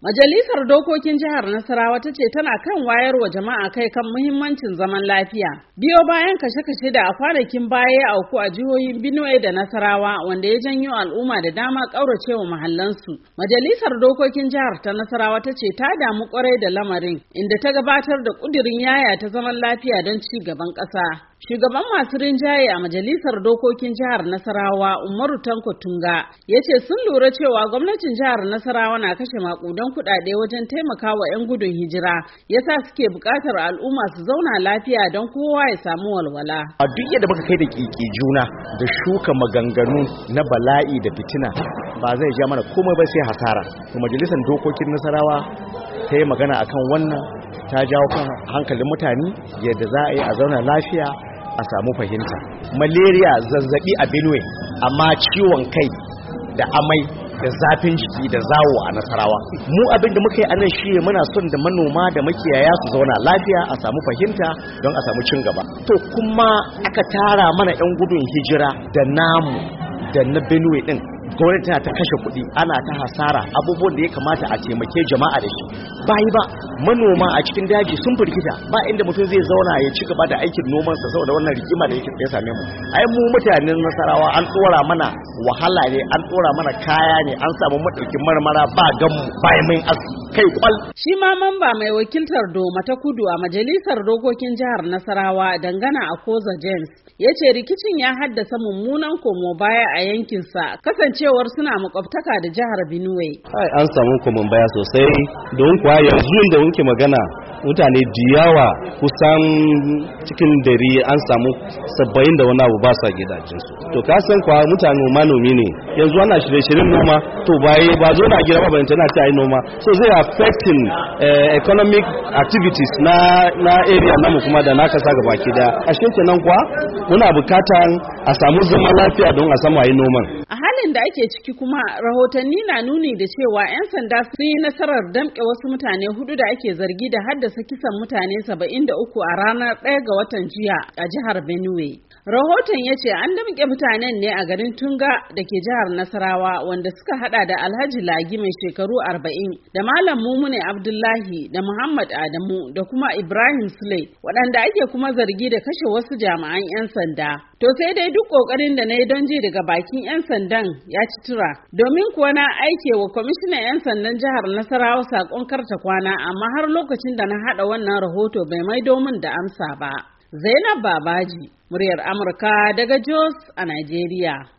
Majalisar Dokokin Jihar Nasarawa ta ce tana kan wayar wa jama'a kai kan muhimmancin zaman lafiya. Biyo bayan kashe-kashe da a kwanakin baya ya auku a jihohin Benue da Nasarawa wanda ya janyo al'umma da dama ƙauracewa mahallansu. Majalisar Dokokin Jihar ta Nasarawa ta ce ta damu kwarai da lamarin inda ta gabatar da ƙudirin yaya ta zaman lafiya don ci gaban ƙasa. Shugaban masu rinjaye a Majalisar Dokokin Jihar Nasarawa Umaru Tanko Tunga ya ce sun lura cewa gwamnatin jihar Nasarawa na kashe makudan kuɗaɗe wajen taimakawa 'yan gudun hijira ya sa suke bukatar al'umma su zauna lafiya don kowa ya samu walwala. A duk yadda muka kai da kiki juna da shuka maganganu na bala'i da fitina ba zai ja mana komai ba sai hasara. Majalisar Dokokin Nasarawa ta yi magana akan wannan ta jawo kan hankalin mutane yadda za a yi a zauna lafiya a samu fahimta malaria zazzabi a benue amma ciwon kai da amai da zafin jiki da zawo a nasarawa mu abinda muka yi a nan shi muna son da manoma da makiyaya su zauna lafiya a samu fahimta don a samu cin gaba to kuma aka tara mana yan gudun hijira da namu da na benue din gwamnati tana ta kashe kuɗi ana ta hasara abubuwan da ya kamata a taimake jama'a da shi bayi ba manoma a cikin daji sun firgita ba inda mutum zai zauna ya ci gaba da aikin nomansa saboda wannan rigima da yake ya same mu ai mu mutanen nasarawa an tsora mana wahala ne an tsora mana kaya ne an samu madaukin marmara ba mu bayan mai aski kai kwal. Shi ma mamba mai wakiltar Doma ta Kudu a Majalisar Dokokin Jihar Nasarawa dangana a Koza James ya ce rikicin ya haddasa mummunan komo baya a yankinsa kasancewar suna makwabtaka da jihar Benue. Ai an samu komo baya sosai don kuwa yanzu da wunke magana mutane diyawa kusan cikin dari an samu sabbayin da wani abu ba sa gidajensu to ka kwa mutane manomi ne yanzu ana shirye-shiryen noma to baye ba zo na gida ba tana ta yi noma so zai affecting eh, economic activities na area namu kuma da na kasa gaba ki da a cikin kenan kwa muna bukatan a samu zama lafiya don a samu ayi noman. A halin da ake ciki kuma rahotanni na nuni da cewa 'yan sanda sun yi nasarar damƙe wasu mutane hudu da ake zargi da haddasa kisan mutane 73 a ranar 1 ga watan jiya a jihar Benue. Rahoton ya ce an damƙe mutanen ne a garin Tunga da ke jihar Nasarawa wanda suka hada da Alhaji Lagi mai shekaru 40 da Malam Mumune Abdullahi da Muhammad Adamu da kuma Ibrahim Sule waɗanda ake kuma zargi da kashe wasu jami'an 'yan sanda. To sai dai duk kokarin da na yi don ji daga bakin 'yan sandan ya ci tura. Domin kuwa na aike wa kwamishinan 'yan sandan jihar Nasarawa sakon karta kwana amma har lokacin da na haɗa wannan rahoto bai mai domin da amsa ba. Zainab Babaji, muryar Amurka daga Jos a Najeriya.